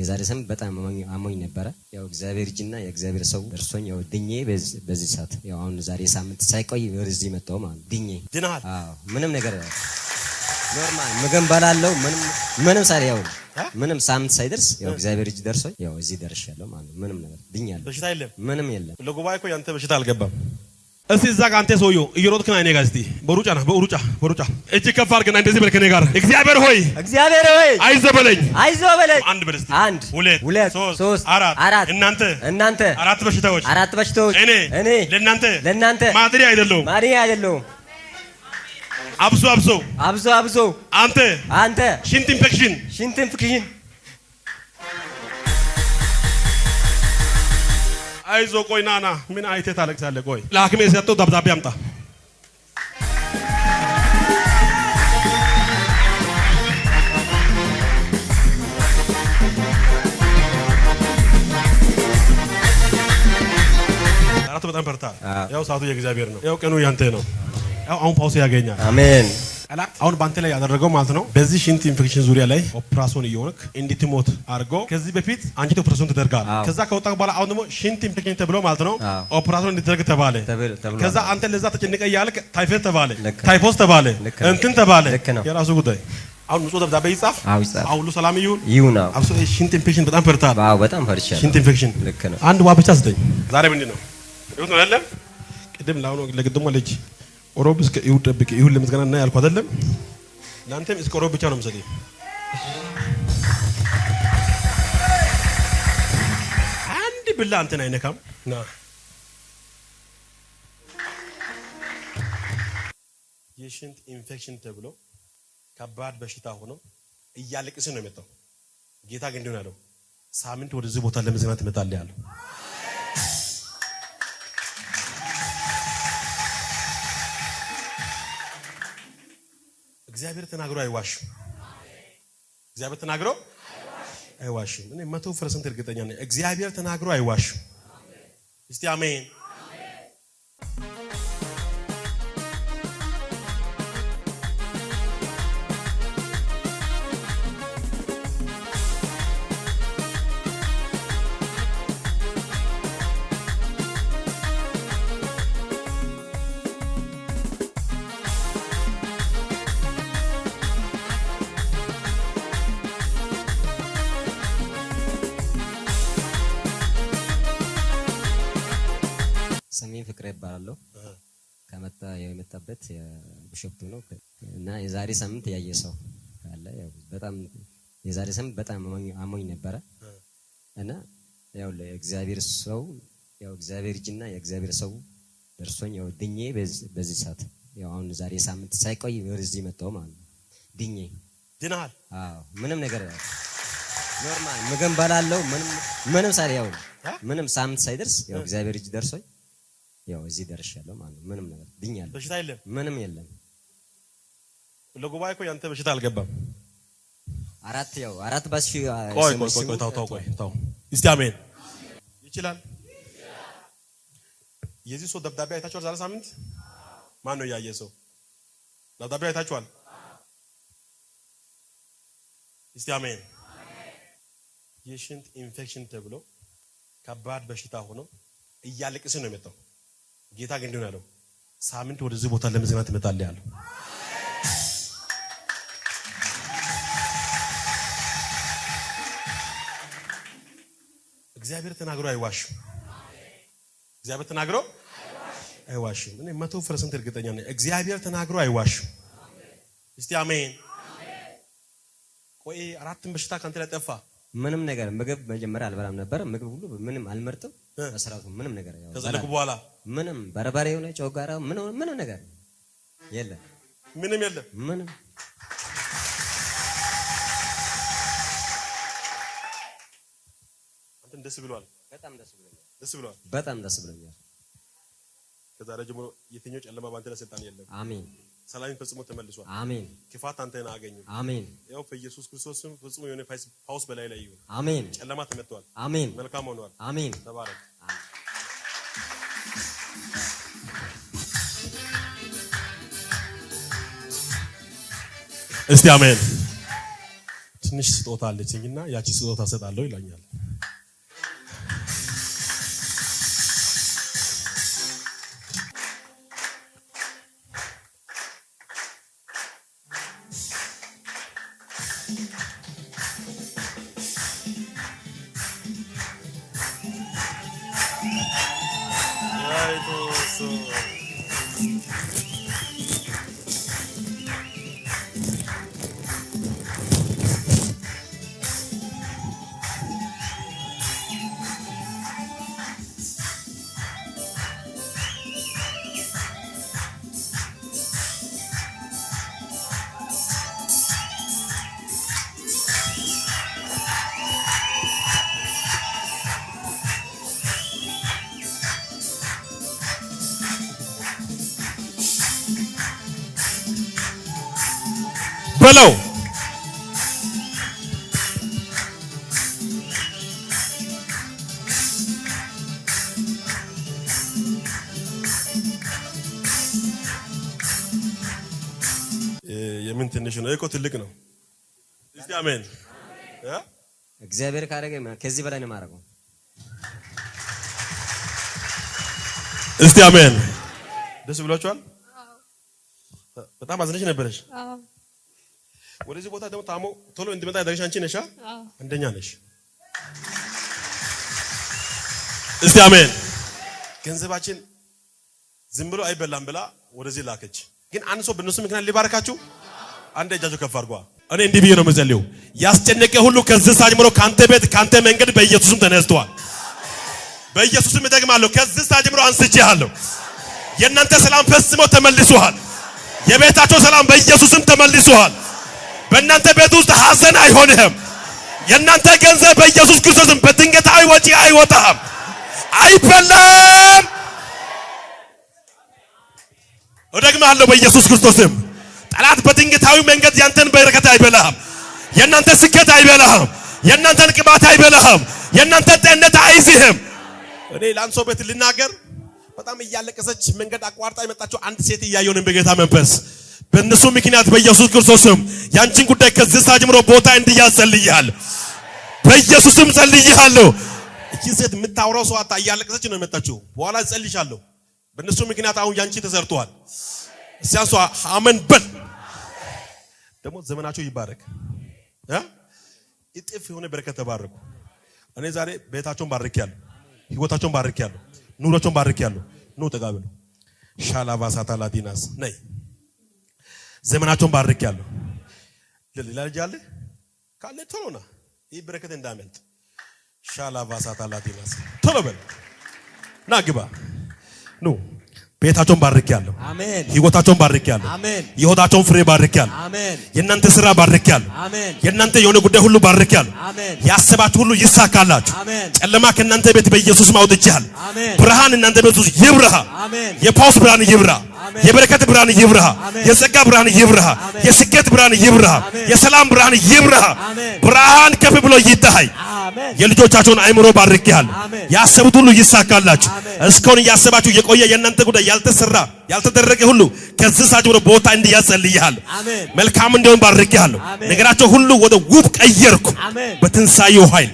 የዛሬ ሳምንት በጣም አሞኝ ነበረ። ያው እግዚአብሔር እጅና የእግዚአብሔር ሰው ደርሶኝ ያው ድኜ በዚህ ሰዓት ያው አሁን ዛሬ ሳምንት ሳይቆይ ወደዚህ መጣሁ ማለት ድኜ ድናል። ምንም ነገር ኖርማል ምግብ በላለው ምንም ምንም ሳይል ያው ምንም ሳምንት ሳይደርስ ያው እግዚአብሔር እጅ ደርሶኝ ያው እዚህ ደርሻለሁ ማለት ምንም ነገር ድኛለሁ። በሽታ የለም ምንም የለም። ለጉባኤ እኮ ያንተ በሽታ አልገባም። እስቲ እዛ ጋር አንተ ሰውዬው እየሮጥክ ና እኔ ጋር እስቲ በሩጫ ና በሩጫ በሩጫ እጅ ከፍ አድርገና እንደዚህ በል ከኔ ጋር እግዚአብሔር ሆይ እግዚአብሔር ሆይ አይዘበለኝ አይዘበለኝ አንድ በል እስቲ አንድ ሁለት ሁለት ሶስት አራት አራት እናንተ እናንተ አራት በሽታዎች አራት በሽታዎች እኔ እኔ ለእናንተ ለእናንተ ማድሪ አይደለሁም ማድሪ አይደለሁም አብሶ አብሶ አብሶ አብሶ አንተ አንተ ሽንት ኢንፌክሽን ሽንት ኢንፌክሽን አይዞ ቆይ ናና ምን አይቴ ታለቅሳለህ? ቆይ ለሐኪሜ የሰጠው ደብዳቤ አምጣ። አራቱ በጣም ፈርታል። ያው ሰዓቱ የእግዚአብሔር ነው። ያው ቀኑ ያንተ ነው። ያው አሁን ፓውስ ያገኛል። አሜን ጠላት አሁን በአንተ ላይ ያደረገው ማለት ነው። በዚህ ሽንት ኢንፌክሽን ዙሪያ ላይ ኦፕራሶን እየሆንክ እንድትሞት አድርጎ ከዚህ በፊት አንቺ ኦፕራሶን ትደርጋል። ከዛ ከወጣ በኋላ አሁን ደግሞ ሽንት ኢንፌክሽን ተብሎ ማለት ነው ኦፕራሶን እንድትደርግ ተባለ። ከዛ አንተ ለዛ ተጨንቀ እያልክ ታይፈት ተባለ፣ ታይፎስ ተባለ፣ እንትን ተባለ። የራሱ ጉዳይ አሁን ንጹህ ደብዳቤ ይጻፍ። አሁን ሰላም ይሁን ይሁን። አብሶ ሽንት ኢንፌክሽን በጣም ፈርታል። አዎ በጣም ፈርቻለሁ። ሽንት ኢንፌክሽን ልክ ነው። አንድ ዋ ብቻ ስጠኝ። ዛሬ ምንድን ነው ይሁን አይደለም ቅድም ለአሁኑ ለግድሞ ልጅ ሮብ እስከ ይሁድ ጠብቅ ይሁድ ለምስጋና እና ያልኩ አይደለም። ለአንተም እስከ ሮብ ብቻ ነው መሰለኝ። አንድ ብላ አንተን አይነካም። ና የሽንት ኢንፌክሽን ተብሎ ከባድ በሽታ ሆኖ እያለቅስ ነው የመጣው። ጌታ ግን እንዲሆን ያለው ሳምንት ወደዚህ ቦታ ለምስጋና ትመጣለህ ያለው እግዚአብሔር ተናግሮ አይዋሽም። እግዚአብሔር ተናግሮ አይዋሽም። እኔ መቶ ፐርሰንት እርግጠኛ ነኝ። እግዚአብሔር ተናግሮ አይዋሽም። እስቲ አሜን። ፍቅሬ ይባላለሁ። ከመጣ ያው የመጣበት ቢሾፍቱ ነው እና የዛሬ ሳምንት ያየ ሰው አለ። በጣም የዛሬ ሳምንት በጣም አሞኝ ነበረ እና ያው ለእግዚአብሔር ሰው ያው እግዚአብሔር እጅና የእግዚአብሔር ሰው ደርሶኝ ያው ድኜ በዚህ ሰዓት ያው አሁን ዛሬ ሳምንት ሳይቆይ ወደዚህ መጣሁ ማለት ነው። ድኜ ድናል። አዎ ምንም ነገር ኖርማል ምግብ በላለው ምንም ምንም ሳይደርስ ያው ምንም ሳምንት ሳይደርስ ያው እግዚአብሔር እጅ ደርሶኝ ያው እዚህ ደርሻለሁ ማለት ነው። ምንም ነገር ድኛለሁ። በሽታ የለም፣ ምንም የለም። ለጉባኤ እኮ ያንተ በሽታ አልገባም። አራት ያው አራት ባሽ ቆይ ቆይ ቆይ ታው ታው ቆይ ታው እስቲ አሜን ይችላል። የዚህ ሰው ደብዳቤ አይታችኋል? ዛሬ ሳምንት ማን ነው ያየ ሰው ደብዳቤ አይታችኋል? እስቲ አሜን። የሽንት ኢንፌክሽን ተብሎ ከባድ በሽታ ሆኖ እያለቅስ ነው የመጣው ጌታ ግን እንደሆነ ያለው ሳምንት ወደዚህ ቦታ ለመዝናት እመጣለሁ ያለው እግዚአብሔር ተናግሮ አይዋሽም። እግዚአብሔር ተናግሮ አይዋሽም። እኔ መቶ ፐርሰንት እርግጠኛ ነኝ። እግዚአብሔር ተናግሮ አይዋሽም። እስቲ አሜን። ቆይ አራትን በሽታ ከአንተ ላይ ጠፋ። ምንም ነገር ምግብ መጀመሪያ አልበላም ነበር። ምግብ ሁሉ ምንም አልመርጥም መስራቱ ምንም ነገር ያው ልክ በኋላ ምንም በርበሬው ላይ ጨው ጋራ ምንም ምንም ነገር የለም። ምንም የለም። ምንም አንተን ደስ ብሏል። በጣም ደስ ብሏል። ደስ ብሏል። በጣም ደስ ብሏል። ከዛ ጀምሮ የትኛው ጨለማ ባንተ ላይ ስልጣን የለም። አሜን። ሰላም ፈጽሞ ተመልሷል። አሜን። ክፋት አንተን አገኘው። አሜን። ያው በኢየሱስ ክርስቶስ ፈጽሞ የሆነ ፓውስ በላይ ላይ ይሁን። አሜን። ጨለማ ተመቷል። አሜን። መልካም ሆኗል። አሜን። ተባረክ። እስቲ አሜን። ትንሽ ስጦታ አለችኝና ያቺ ስጦታ ሰጣለሁ ይላኛል። Thank you. በለው የምን ትንሽ ነው እኮ ትልቅ ነው። እስቲ አሜን። እግዚአብሔር ካደረገ ከዚህ በላይ ነው የማደርገው። እስቲ አሜን። ደስ ብሏችኋል? በጣም አዝነሽ ነበረሽ። ወደዚህ ቦታ ደግሞ ታሞ ቶሎ እንድመጣ ያደረግሽ አንቺ ነሻ፣ አንደኛ ነሽ። እስቲ አሜን። ገንዘባችን ዝም ብሎ አይበላም ብላ ወደዚህ ላከች። ግን አንድ ሰው በእነሱ ምክንያት ሊባረካችሁ አንድ እጃችሁ ከፍ አድርጓ። እኔ እንዲህ ብዬ ነው የምጸልየው፣ ያስጨነቀ ሁሉ ከዚህ ሰዓት ጀምሮ ከአንተ ቤት ከአንተ መንገድ በኢየሱስም ተነስተዋል። በኢየሱስም እደግማለሁ፣ ከዚህ ሰዓት ጀምሮ አንስቼሃለሁ። የእናንተ ሰላም ፈጽሞ ተመልሶሃል። የቤታቸው ሰላም በኢየሱስም ተመልሶሃል። በእናንተ ቤት ውስጥ ሐዘን አይሆንህም። የእናንተ ገንዘብ በኢየሱስ ክርስቶስም በድንገታዊ ወጪ አይወጣህም፣ አይበላም። እደግማለሁ፣ በኢየሱስ ክርስቶስም ጠላት በድንገታዊ መንገድ ያንተን በረከት አይበላህም። የእናንተ ስኬት አይበላህም። የእናንተን ቅባት አይበላህም። የእናንተ ጤንነት አይዝህም። እኔ ለአንድ ሰው ቤት ልናገር። በጣም እያለቀሰች መንገድ አቋርጣ የመጣችው አንድ ሴት እያየውን በጌታ መንፈስ በእነሱ ምክንያት በኢየሱስ ክርስቶስም ያንቺን ጉዳይ ከዚህ ሰዓት ጀምሮ ቦታ እንዲያዝ ጸልያለሁ። በኢየሱስም ጸልይሃለሁ። እቺ ሴት የምታወራው ሰው አታ እያለቀሰች ነው የመጣችው። በኋላ ጸልይሻለሁ። በእነሱ ምክንያት አሁን ያንቺ ተሰርቷል። ሲያሷ አመን በል። ደግሞ ዘመናቸው ይባረክ፣ እጥፍ የሆነ በረከት ተባረኩ። እኔ ዛሬ ቤታቸውን ባርኬያለሁ፣ ህይወታቸውን ባርኬያለሁ፣ ኑሮቸውን ባርኬያለሁ። ኑ ተጋበሉ። ሻላባ ሳታላዲናስ ነይ ዘመናቸውን ባርክ ያለሁ ሌላ ልጅ አለ ካለ ቶሎ ና። ይህ በረከት እንዳመልጥ ሻላ ባሳት አላት ይመስ ቶሎ በል ና ግባ ኑ ቤታቸውን ባርክ ያለሁ። አሜን። ህይወታቸውን ባርክ ያለሁ። አሜን። የሆዳቸውን ፍሬ ባርክ ያለሁ። አሜን። የእናንተ ስራ ባርክ ያለሁ። አሜን። የእናንተ የሆነ ጉዳይ ሁሉ ባርክ ያለሁ። አሜን። ያሰባችሁ ሁሉ ይሳካላችሁ። አሜን። ጨለማ ከእናንተ ቤት በኢየሱስ ማውጣት ይችላል። አሜን። ብርሃን እናንተ ቤት ውስጥ ይብራ። አሜን። የፓውስ ብርሃን ይብራ። የበረከት ብርሃን ይብራ፣ የጸጋ ብርሃን ይብራ፣ የስኬት ብርሃን ይብራ፣ የሰላም ብርሃን ይብራ። ብርሃን ከፍ ብሎ ይታይ። የልጆቻችሁን አይምሮ ባርክያል። ያሰቡት ሁሉ ይሳካላችሁ። እስካሁን እያሰባችሁ የቆየ የእናንተ ጉዳይ ያልተሰራ ያልተደረገ ሁሉ ከዚህ ሰዓት ወደ ቦታ እንዲያጸልይሃል መልካም እንዲሆን ባርክያለሁ። ነገራቸው ሁሉ ወደ ውብ ቀየርኩ በትንሣኤው ኃይል